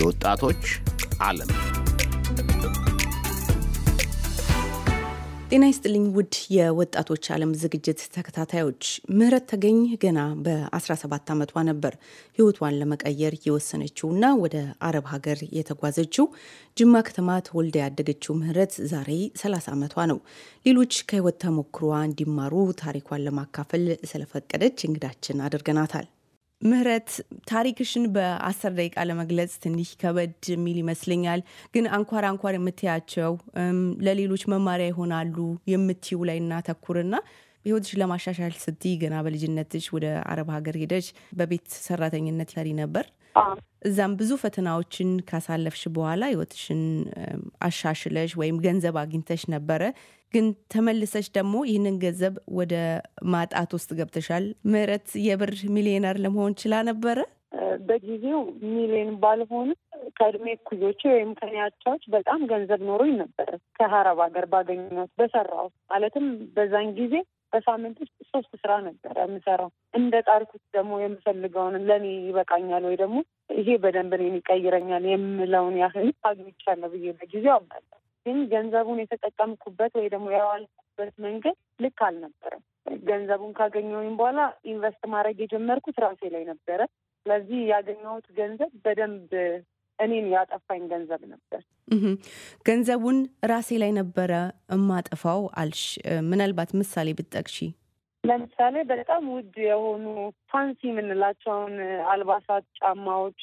የወጣቶች ዓለም ጤና ይስጥልኝ ውድ የወጣቶች ዓለም ዝግጅት ተከታታዮች። ምህረት ተገኝ ገና በ17 ዓመቷ ነበር ህይወቷን ለመቀየር የወሰነችውና ወደ አረብ ሀገር የተጓዘችው። ጅማ ከተማ ተወልዳ ያደገችው ምህረት ዛሬ 30 ዓመቷ ነው። ሌሎች ከህይወት ተሞክሯ እንዲማሩ ታሪኳን ለማካፈል ስለፈቀደች እንግዳችን አድርገናታል። ምህረት ታሪክሽን በአስር ደቂቃ ለመግለጽ ትንሽ ከበድ የሚል ይመስለኛል። ግን አንኳር አንኳር የምትያቸው ለሌሎች መማሪያ ይሆናሉ የምትዩ ላይ እናተኩርና ህይወትሽ ለማሻሻል ስትይ ገና በልጅነትሽ ወደ አረብ ሀገር ሄደች በቤት ሰራተኝነት ሰሪ ነበር። እዛም ብዙ ፈተናዎችን ካሳለፍሽ በኋላ ህይወትሽን አሻሽለሽ ወይም ገንዘብ አግኝተሽ ነበረ። ግን ተመልሰች ደግሞ ይህንን ገንዘብ ወደ ማጣት ውስጥ ገብተሻል። ምህረት የብር ሚሊዮነር ለመሆን ችላ ነበረ። በጊዜው ሚሊዮን ባልሆንም ከእድሜ እኩዮቼ ወይም ከኔ አቻዎች በጣም ገንዘብ ኖሮኝ ነበረ። ከሀረብ ሀገር ባገኘሁት በሰራው ማለትም በዛን ጊዜ በሳምንት ውስጥ ሶስት ስራ ነበረ የምሰራው። እንደ ጣርኩት ደግሞ የምፈልገውን ለእኔ ይበቃኛል ወይ ደግሞ ይሄ በደንብ እኔን ይቀይረኛል የምለውን ያህል አግኝቻለሁ ብዬ በጊዜው አምናለሁ። ግን ገንዘቡን የተጠቀምኩበት ወይ ደግሞ ያዋልኩበት መንገድ ልክ አልነበረም። ገንዘቡን ካገኘሁኝ በኋላ ኢንቨስት ማድረግ የጀመርኩት ራሴ ላይ ነበረ። ስለዚህ ያገኘሁት ገንዘብ በደንብ እኔን ያጠፋኝ ገንዘብ ነበር። ገንዘቡን ራሴ ላይ ነበረ እማጠፋው አልሽ። ምናልባት ምሳሌ ብትጠቅሺ። ለምሳሌ በጣም ውድ የሆኑ ፋንሲ የምንላቸውን አልባሳት፣ ጫማዎች፣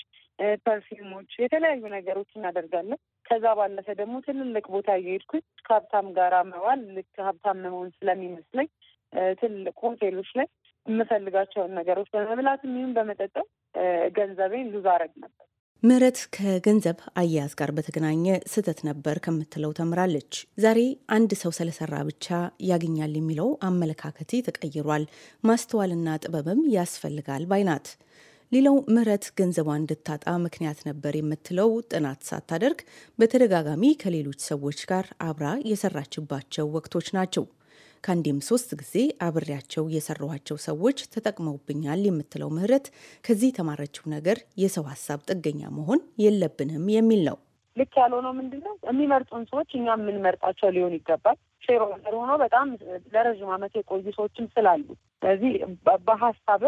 ፐርፊውሞች፣ የተለያዩ ነገሮች እናደርጋለን። ከዛ ባለፈ ደግሞ ትልልቅ ቦታ እየሄድኩኝ ከሀብታም ጋር መዋል ልክ ሀብታም መሆን ስለሚመስለኝ ትልልቅ ሆቴሎች ላይ የምፈልጋቸውን ነገሮች በመብላት ይሁን በመጠጠም ገንዘቤን ሉዝ አረግ ነበር። ምህረት ከገንዘብ አያያዝ ጋር በተገናኘ ስህተት ነበር ከምትለው ተምራለች። ዛሬ አንድ ሰው ስለሰራ ብቻ ያገኛል የሚለው አመለካከቴ ተቀይሯል፣ ማስተዋልና ጥበብም ያስፈልጋል ባይ ናት። ሌላው ምህረት ገንዘቧን እንድታጣ ምክንያት ነበር የምትለው ጥናት ሳታደርግ በተደጋጋሚ ከሌሎች ሰዎች ጋር አብራ የሰራችባቸው ወቅቶች ናቸው። ከአንዴም ሶስት ጊዜ አብሬያቸው የሰራኋቸው ሰዎች ተጠቅመውብኛል የምትለው ምህረት ከዚህ የተማረችው ነገር የሰው ሀሳብ ጥገኛ መሆን የለብንም የሚል ነው። ልክ ያልሆነው ምንድን ነው? የሚመርጡን ሰዎች እኛ የምንመርጣቸው ሊሆን ይገባል። ሼር ሆኖ በጣም ለረዥም ዓመት የቆዩ ሰዎችም ስላሉ ስለዚህ በሀሳብ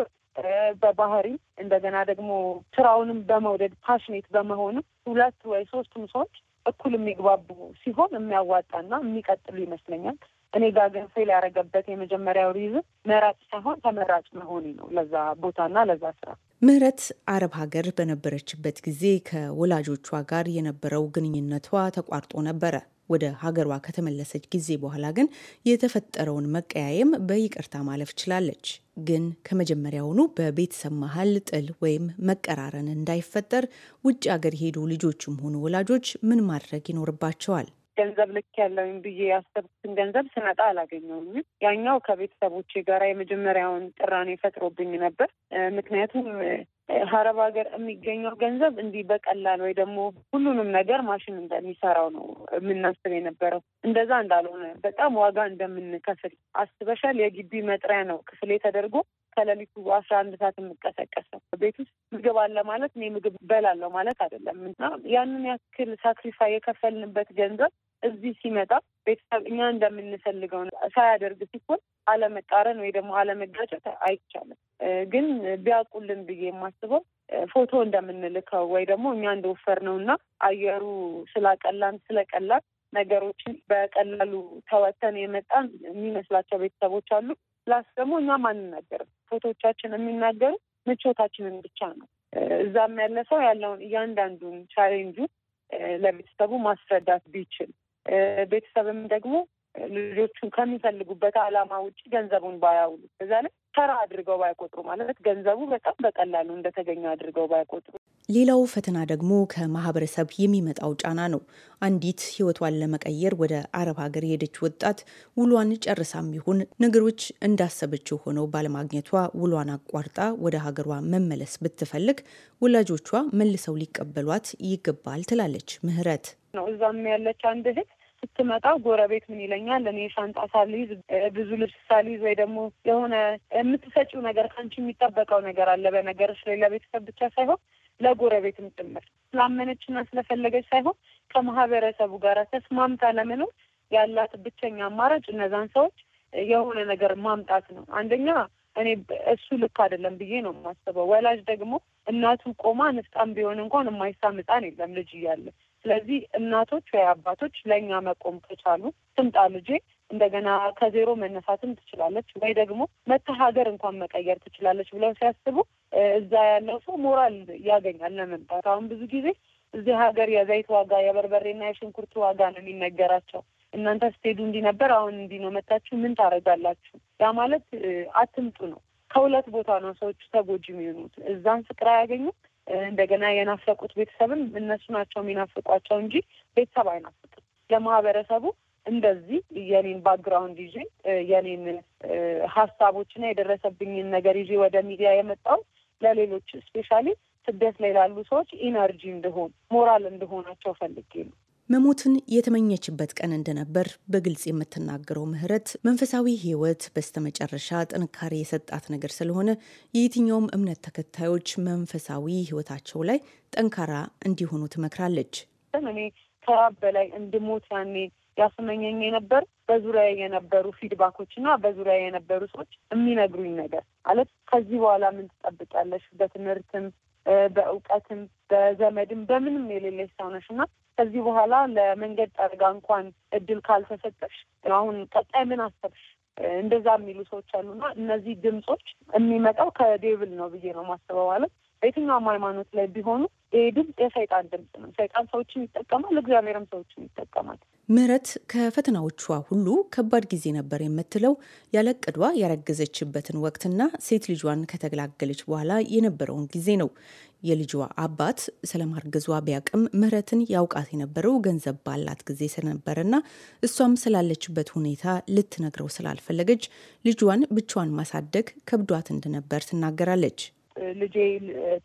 በባህሪ እንደገና ደግሞ ስራውንም በመውደድ ፓሽኔት በመሆኑ ሁለት ወይ ሶስቱም ሰዎች እኩል የሚግባቡ ሲሆን የሚያዋጣና የሚቀጥሉ ይመስለኛል። እኔ ጋር ግን ፌል ያደረገበት የመጀመሪያው ሪዝም መራጭ ሳይሆን ተመራጭ መሆኔ ነው ለዛ ቦታና ለዛ ስራ። ምህረት አረብ ሀገር በነበረችበት ጊዜ ከወላጆቿ ጋር የነበረው ግንኙነቷ ተቋርጦ ነበረ። ወደ ሀገሯ ከተመለሰች ጊዜ በኋላ ግን የተፈጠረውን መቀያየም በይቅርታ ማለፍ ችላለች። ግን ከመጀመሪያውኑ በቤተሰብ መሀል ጥል ወይም መቀራረን እንዳይፈጠር ውጭ ሀገር ሄዱ ልጆችም ሆኑ ወላጆች ምን ማድረግ ይኖርባቸዋል? ገንዘብ ልክ ያለውን ብዬ ያሰብኩትን ገንዘብ ስመጣ አላገኘውም። ያኛው ከቤተሰቦቼ ጋራ የመጀመሪያውን ጥራኔ ፈጥሮብኝ ነበር። ምክንያቱም ሀረብ ሀገር የሚገኘው ገንዘብ እንዲህ በቀላል ወይ ደግሞ ሁሉንም ነገር ማሽን እንደሚሰራው ነው የምናስብ የነበረው። እንደዛ እንዳልሆነ በጣም ዋጋ እንደምንከፍል አስበሻል። የግቢ መጥሪያ ነው ክፍሌ ተደርጎ ከሌሊቱ አስራ አንድ ሰዓት የምቀሰቀሰው ቤት ውስጥ ምግብ አለ ማለት እኔ ምግብ በላለው ማለት አይደለም እና ያንን ያክል ሳክሪፋይ የከፈልንበት ገንዘብ እዚህ ሲመጣ ቤተሰብ እኛ እንደምንፈልገው ሳያደርግ ሲሆን አለመቃረን ወይ ደግሞ አለመጋጨት አይቻልም። ግን ቢያውቁልን ብዬ የማስበው ፎቶ እንደምንልከው ወይ ደግሞ እኛ እንደወፈር ነው እና አየሩ ስላቀላን ስለቀላን ነገሮችን በቀላሉ ተወተን የመጣን የሚመስላቸው ቤተሰቦች አሉ። ፕላስ ደግሞ እኛም አንናገርም። ፎቶቻችን የሚናገሩ ምቾታችንን ብቻ ነው። እዛም ያለ ሰው ያለውን እያንዳንዱን ቻሌንጁ ለቤተሰቡ ማስረዳት ቢችል ቤተሰብም ደግሞ ልጆቹ ከሚፈልጉበት ዓላማ ውጭ ገንዘቡን ባያውሉ በዛ ላይ ተራ አድርገው ባይቆጥሩ ማለት ገንዘቡ በጣም በቀላሉ እንደተገኘ አድርገው ባይቆጥሩ። ሌላው ፈተና ደግሞ ከማህበረሰብ የሚመጣው ጫና ነው። አንዲት ህይወቷን ለመቀየር ወደ አረብ ሀገር የሄደች ወጣት ውሏን ጨርሳም ይሁን ነገሮች እንዳሰበችው ሆነው ባለማግኘቷ ውሏን አቋርጣ ወደ ሀገሯ መመለስ ብትፈልግ ወላጆቿ መልሰው ሊቀበሏት ይገባል ትላለች ምህረት ነው። እዛም ያለች አንድ እህት ስትመጣ ጎረቤት ምን ይለኛል፣ እኔ ሻንጣ ሳልይዝ ብዙ ልብስ ሳልይዝ ወይ ደግሞ የሆነ የምትሰጪው ነገር ከአንቺ የሚጠበቀው ነገር አለ። በነገሮች ላይ ለቤተሰብ ብቻ ሳይሆን ለጎረቤትም ጭምር ስላመነችና ስለፈለገች ሳይሆን ከማህበረሰቡ ጋር ተስማምታ ለመኖር ያላት ብቸኛ አማራጭ እነዛን ሰዎች የሆነ ነገር ማምጣት ነው። አንደኛ እኔ እሱ ልክ አይደለም ብዬ ነው የማስበው። ወላጅ ደግሞ እናቱ ቆማ ንፍጣም ቢሆን እንኳን የማይሳም ህፃን የለም ልጅ እያለ ስለዚህ እናቶች ወይ አባቶች ለእኛ መቆም ከቻሉ ትምጣ ልጄ እንደገና ከዜሮ መነሳትም ትችላለች ወይ ደግሞ መታ ሀገር እንኳን መቀየር ትችላለች ብለው ሲያስቡ እዛ ያለው ሰው ሞራል ያገኛል ለመምጣት። አሁን ብዙ ጊዜ እዚህ ሀገር የዘይት ዋጋ የበርበሬና የሽንኩርት ዋጋ ነው የሚነገራቸው። እናንተ ስትሄዱ እንዲህ ነበር፣ አሁን እንዲህ ነው፣ መታችሁ ምን ታደርጋላችሁ? ያ ማለት አትምጡ ነው። ከሁለት ቦታ ነው ሰዎቹ ተጎጂ የሚሆኑት። እዛም ፍቅር አያገኙም፣ እንደገና የናፈቁት ቤተሰብም እነሱ ናቸው የሚናፍቋቸው እንጂ ቤተሰብ አይናፍቁም። ለማህበረሰቡ እንደዚህ የኔን ባክግራውንድ ይዤ የኔን ሀሳቦችና የደረሰብኝን ነገር ይዤ ወደ ሚዲያ የመጣው ለሌሎች ስፔሻሊ ስደት ላይ ላሉ ሰዎች ኢነርጂ እንደሆን ሞራል እንደሆናቸው ፈልጌ ነው። መሞትን የተመኘችበት ቀን እንደነበር በግልጽ የምትናገረው ምህረት መንፈሳዊ ሕይወት በስተመጨረሻ ጥንካሬ የሰጣት ነገር ስለሆነ የየትኛውም እምነት ተከታዮች መንፈሳዊ ሕይወታቸው ላይ ጠንካራ እንዲሆኑ ትመክራለች። እኔ ከራብ በላይ እንድሞት ያኔ ያስመኘኝ የነበር በዙሪያ የነበሩ ፊድባኮች እና በዙሪያ የነበሩ ሰዎች የሚነግሩኝ ነገር ማለት ከዚህ በኋላ ምን ትጠብቂያለሽ? በትምህርትም፣ በእውቀትም፣ በዘመድም በምንም የሌለች ሰው ነሽ እና ከዚህ በኋላ ለመንገድ ጠርጋ እንኳን እድል ካልተሰጠሽ አሁን ቀጣይ ምን አሰብሽ? እንደዛ የሚሉ ሰዎች አሉና እነዚህ ድምጾች የሚመጣው ከዴብል ነው ብዬ ነው ማስበው። ማለት በየትኛውም ሃይማኖት ላይ ቢሆኑ ይሄ ድምጽ የሰይጣን ድምፅ ነው። ሰይጣን ሰዎችን ይጠቀማል፣ እግዚአብሔርም ሰዎችን ይጠቀማል። ምህረት ከፈተናዎቿ ሁሉ ከባድ ጊዜ ነበር የምትለው ያለቅዷ ያረገዘችበትን ወቅትና ሴት ልጇን ከተገላገለች በኋላ የነበረውን ጊዜ ነው። የልጇ አባት ስለማርገዟ ቢያቅም ምህረትን ያውቃት የነበረው ገንዘብ ባላት ጊዜ ስለነበረና እሷም ስላለችበት ሁኔታ ልትነግረው ስላልፈለገች ልጇን ብቻዋን ማሳደግ ከብዷት እንደነበር ትናገራለች። ልጄ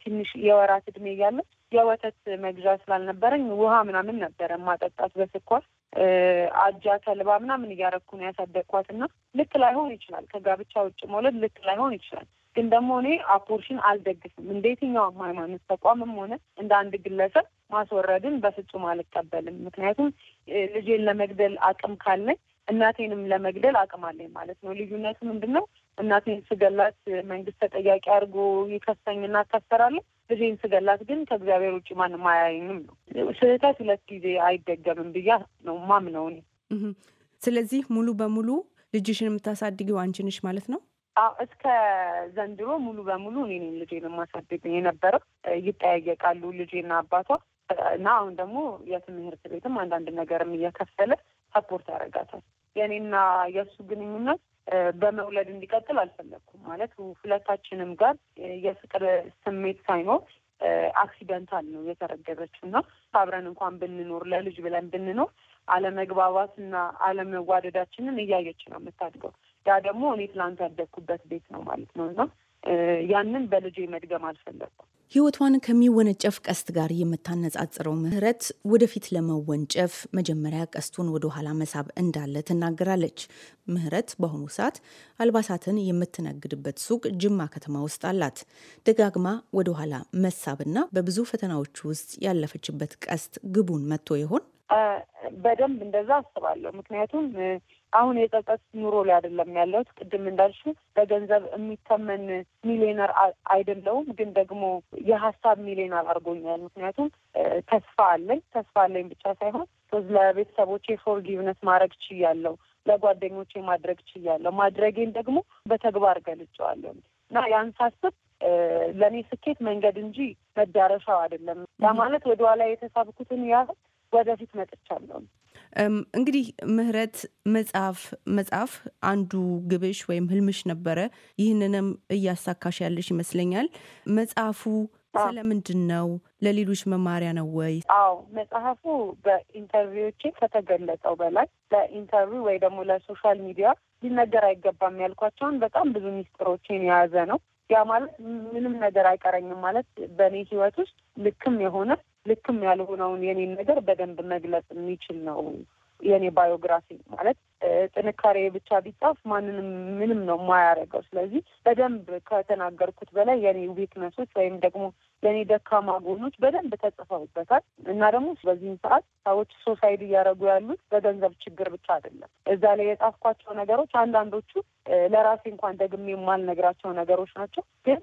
ትንሽ የወራት እድሜ እያለች የወተት መግዣ ስላልነበረኝ ውሃ ምናምን ነበረ ማጠጣት በስኳር አጃ ተልባ ምናምን እያረኩ ነው ያሳደግኳት እና ልክ ላይሆን ይችላል። ከጋብቻ ውጭ መውለድ ልክ ላይሆን ይችላል። ግን ደግሞ እኔ አፖርሽን አልደግፍም። እንደ የትኛውም ሃይማኖት ተቋምም ሆነ እንደ አንድ ግለሰብ ማስወረድን በፍጹም አልቀበልም። ምክንያቱም ልጄን ለመግደል አቅም ካለኝ እናቴንም ለመግደል አቅም አለኝ ማለት ነው። ልዩነቱ ምንድን ነው? እናቴን ስገላት መንግስት ተጠያቂ አድርጎ ይከሰኝና እታሰራለሁ። እኔን ስገላት ግን ከእግዚአብሔር ውጭ ማንም አያየኝም ነው። ስህተት ሁለት ጊዜ አይደገምም ብያ ነው ማምነው እኔ። ስለዚህ ሙሉ በሙሉ ልጅሽን የምታሳድጊው አንቺ ነሽ ማለት ነው? እስከ ዘንድሮ ሙሉ በሙሉ እኔ ልጄን የማሳድግ የነበረው ይጠያየቃሉ ልጄና አባቷ እና አሁን ደግሞ የትምህርት ቤትም አንዳንድ ነገርም እየከፈለ ሰፖርት ያደርጋታል። የእኔና የእሱ ግንኙነት በመውለድ እንዲቀጥል አልፈለግኩም። ማለት ሁለታችንም ጋር የፍቅር ስሜት ሳይኖር አክሲደንታል ነው የተረገዘችው እና አብረን እንኳን ብንኖር ለልጅ ብለን ብንኖር አለመግባባትና አለመዋደዳችንን እያየች ነው የምታድገው። ያ ደግሞ እኔ ትላንት ያደግኩበት ቤት ነው ማለት ነው እና ያንን በልጄ መድገም አልፈለግኩም። ህይወቷን ከሚወነጨፍ ቀስት ጋር የምታነጻጽረው ምህረት ወደፊት ለመወንጨፍ መጀመሪያ ቀስቱን ወደኋላ መሳብ እንዳለ ትናገራለች። ምህረት በአሁኑ ሰዓት አልባሳትን የምትነግድበት ሱቅ ጅማ ከተማ ውስጥ አላት። ደጋግማ ወደኋላ መሳብና በብዙ ፈተናዎች ውስጥ ያለፈችበት ቀስት ግቡን መጥቶ ይሆን? በደንብ እንደዛ አስባለሁ። ምክንያቱም አሁን የጸጸት ኑሮ ላይ አይደለም ያለሁት። ቅድም እንዳልሽ በገንዘብ የሚተመን ሚሊዮነር አይደለውም፣ ግን ደግሞ የሀሳብ ሚሊዮነር አድርጎኛል። ምክንያቱም ተስፋ አለኝ። ተስፋ አለኝ ብቻ ሳይሆን ለቤተሰቦቼ ፎርጊቭነስ ማድረግ ችያለሁ፣ ለጓደኞቼ ማድረግ ችያለሁ። ማድረጌን ደግሞ በተግባር ገልጨዋለሁ እና ያን ሳስብ ለእኔ ስኬት መንገድ እንጂ መዳረሻው አይደለም። ያ ማለት ወደኋላ የተሳብኩትን ያህል ወደፊት መጥቻለሁ። እንግዲህ ምህረት መጽሐፍ መጽሐፍ አንዱ ግብሽ ወይም ህልምሽ ነበረ። ይህንንም እያሳካሽ ያለሽ ይመስለኛል። መጽሐፉ ስለምንድን ነው? ለሌሎች መማሪያ ነው ወይ? አዎ መጽሐፉ በኢንተርቪዎቼ ከተገለጸው በላይ ለኢንተርቪው ወይ ደግሞ ለሶሻል ሚዲያ ሊነገር አይገባም ያልኳቸውን በጣም ብዙ ሚስጥሮችን የያዘ ነው። ያ ማለት ምንም ነገር አይቀረኝም ማለት በእኔ ህይወት ውስጥ ልክም የሆነ ልክም ያልሆነውን የኔን ነገር በደንብ መግለጽ የሚችል ነው የኔ ባዮግራፊ ማለት ጥንካሬ ብቻ ቢጻፍ ማንንም ምንም ነው የማያደርገው። ስለዚህ በደንብ ከተናገርኩት በላይ የኔ ዊክነሶች ወይም ደግሞ የኔ ደካማ ጎኖች በደንብ ተጽፈውበታል እና ደግሞ በዚህም ሰዓት ሰዎች ሶሳይድ እያደረጉ ያሉት በገንዘብ ችግር ብቻ አይደለም። እዛ ላይ የጻፍኳቸው ነገሮች አንዳንዶቹ ለራሴ እንኳን ደግሜ የማልነግራቸው ነገሮች ናቸው፣ ግን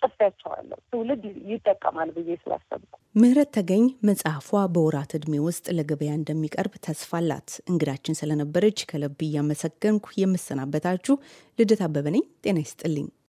ጽፌያቸዋለሁ ትውልድ ይጠቀማል ብዬ ስላሰብኩ። ምህረት ተገኝ መጽሐፏ በወራት እድሜ ውስጥ ለገበያ እንደሚቀርብ ተስፋ አላት። እንግዳችን ስለነበረች ከልብ እያመሰገንኩ የምሰናበታችሁ ልደት አበበ ነኝ። ጤና ይስጥልኝ።